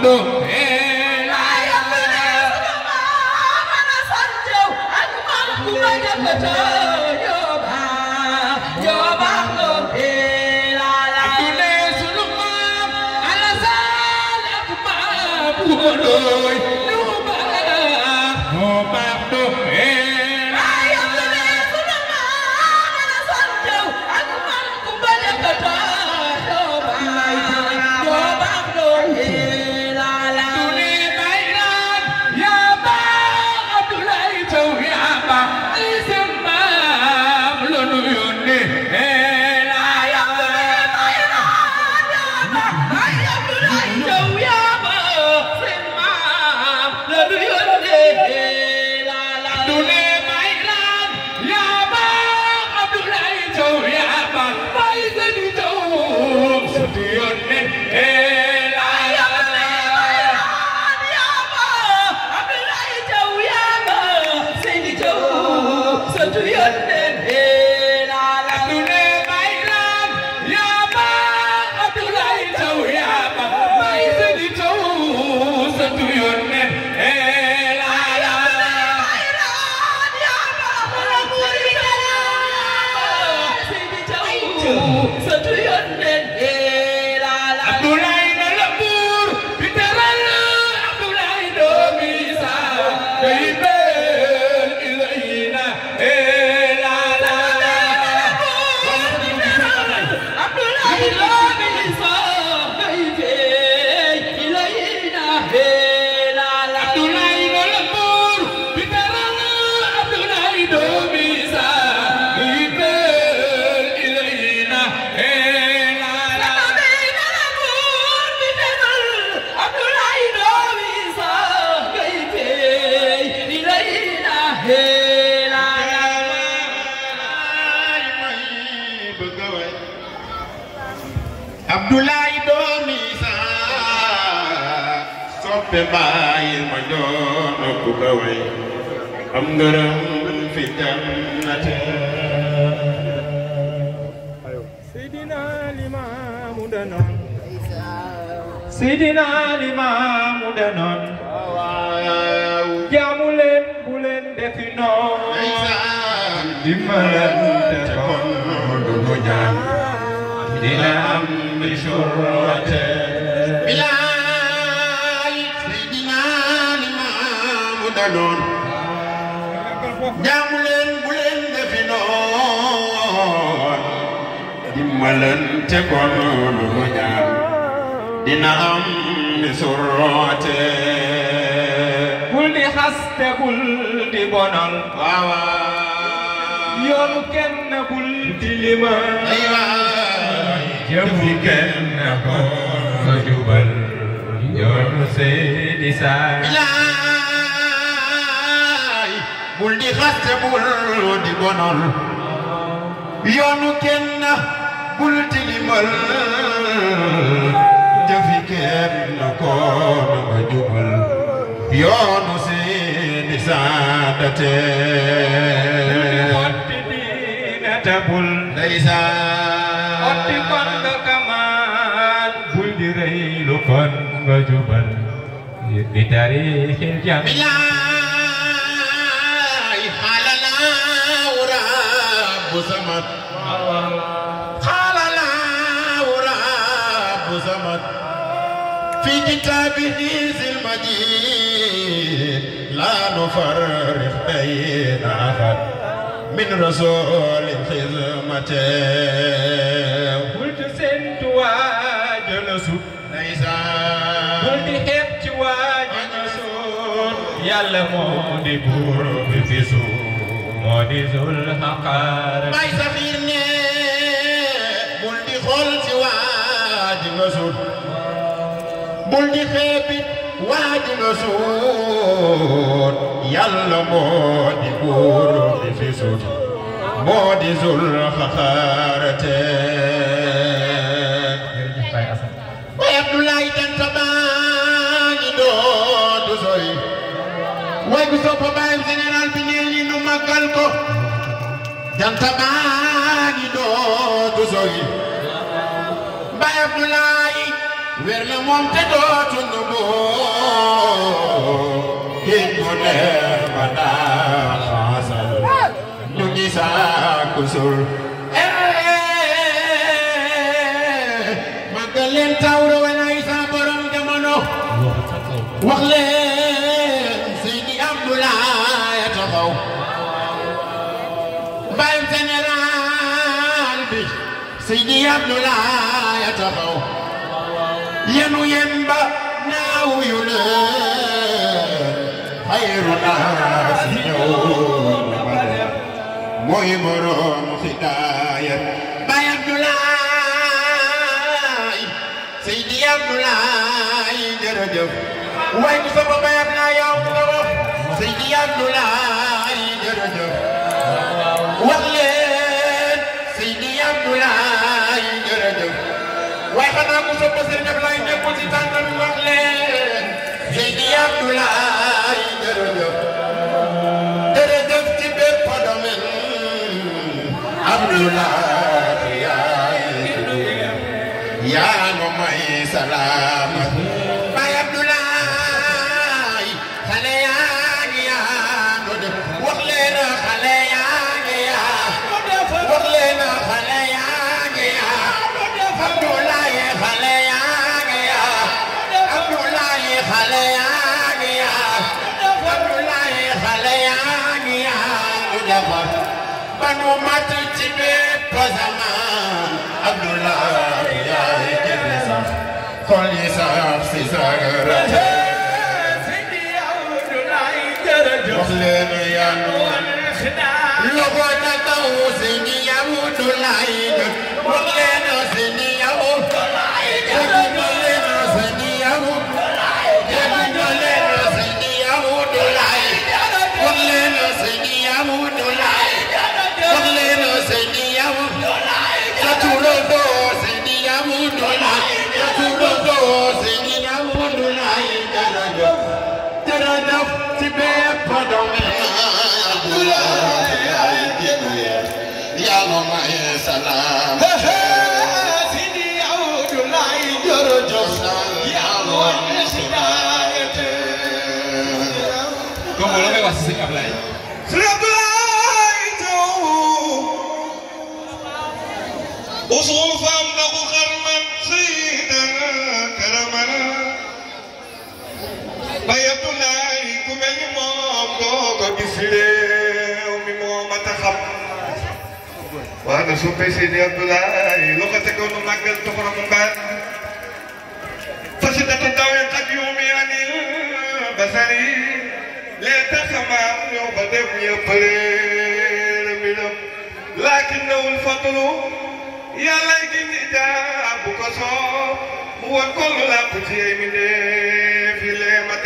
Thank you. eyes and you don't. te bàyyil ma joona ku ko way am fi jannate seydina limaamu danoon seydina limaamu danoon jaamu leen bu leen defi noon dimbalante kon du ko jaan dina am bi noon jaamu leen bu leen defi noon dimbalante kon lu ñaan dina am ni suroote bul di xaste bul di bonal waawaa yoonu kenn bul di lima jëfu kenn ko jubal yoonu Seydi Saar bul di xaste bul di bonal yoonu kenn bul tilimal jëfi kenn koon nga jubal yoonu seeni saadate otti diinata bul ndeysaan otti kon nga kamaan bul di rëy kon nga jubal bi tariixil jamiyaa كتابه ذي المجيد لا نفرق بين أحد من رسول خدمته قلت سنت وجلس ليس قلت حبت وجلس يلا مودي بور بفسو مودي ذو الحقار ما يسخيرني قلت خلت وجلس bul di xeebit waa ji nga suut fi sut moo di zul xaxaarate bay Abdoulaye Danta baa ngi dootu sori way gu soppa baayam général bi nee ni nu màggal ko Danta baa ngi dootu wér na moom te dootu nu boo képp ku neex ba daasal ñu ngi sàkku sul eh, màggal leen tawra wala ay sa borom jamono wax leen Seydi Abdoulaye taxaw bàyyam général bi Seydi Abdoulaye taxaw yenu yemba naawu yu ne xayru naa si ñëw mooy borom hidaaya Baay Abdoulaye Seydi Abdoulaye jërëjëf way ku sama Baay Abdoulaye yow ku sama Seydi Abdoulaye jërëjëf waaye xanaa ku sopp Serigne Abdoulaye nekkul ci tànkam yi wax leen Seydi Abdoulaye jërëjëf jërëjëf ci bépp domaine Abdoulaye yaa nu may salaam Lobo na tawusin ya mutu laida, wale ci bépp domaine yaay génn yàlla may salaam Sidi Abdoulaye jërëjëf yàlla may salaam donc loolu may wax si sëñ Ablaye sampai sini Seydi Abdoulaye loo ko tegoon mu màggal ko borom mbaar fasidatu dawet ak yuumi anil basari lee sama maam ñëw ba dem yëpp réer mi dem laakin nawul fadlu yàlla gi ni daa bu ko soo mu war ko lu làpp ci ay mi dee fi lee ma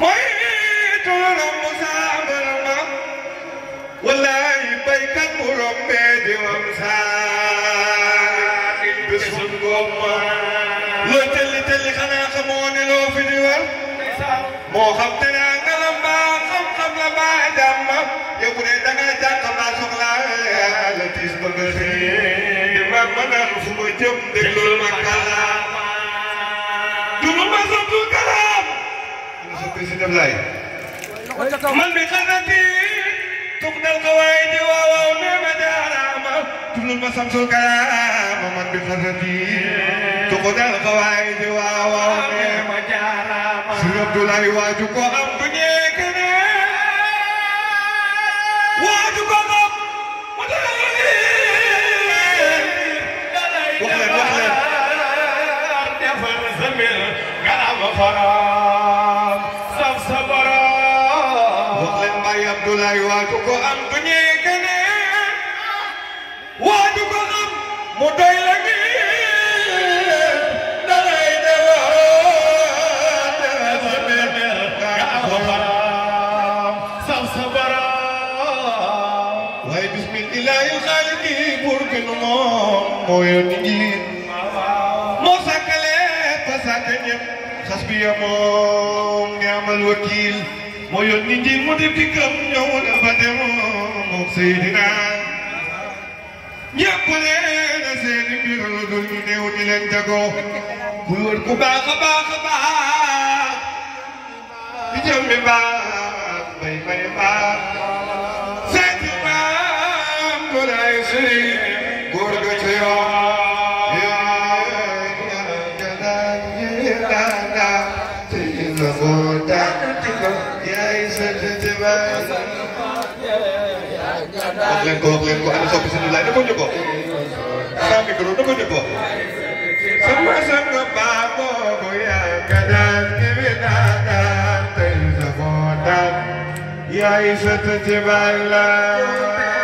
mooy toolam mu saabal ma wallaahi baykat bu rombee di wam saa nit bi sun gomma loo telli telli xanaa xamoo ne loo fi di war moo xam te naa nga la mbaa xam la mbaa jàmm yow bu dee da ngaa jàkk mbaa la tiis ba nga ma mën a fu ma jëm ma kàllaa président Ablaye man bi xanati tuqdal qawaid wa wa nama jarama tulul masamsul kalam man bi xanati tuqdal qawaid wa wa nama jarama sir Abdoulaye waaju ko am mu doy la ngi dalay dewaate sa beer kaabaraam saw sa baraam waaye bismillaahi alxaaliqi buur bi nu moom moo yónni njiit moo sàkkale fa sàkka ñëpp xas bi ya moom ni amal wakiil moo yónni njiit mu di dikkam ñëw dafa demoon moom Seydina ñëpp leen a seeni mbir lu dul ñu néew di leen jagoo bu wër ku baax a baax a baax di jëmmi baax bay bay baax seeti baax ko lay sëriñ góor ga ci yoon wax leen ko wax leen ko ana soppi sëñ Ablaye dafa ñu ko saa micro dafa ñu ko sama sama baabo ko ya kadam ni nada tay sabota ya isat tibala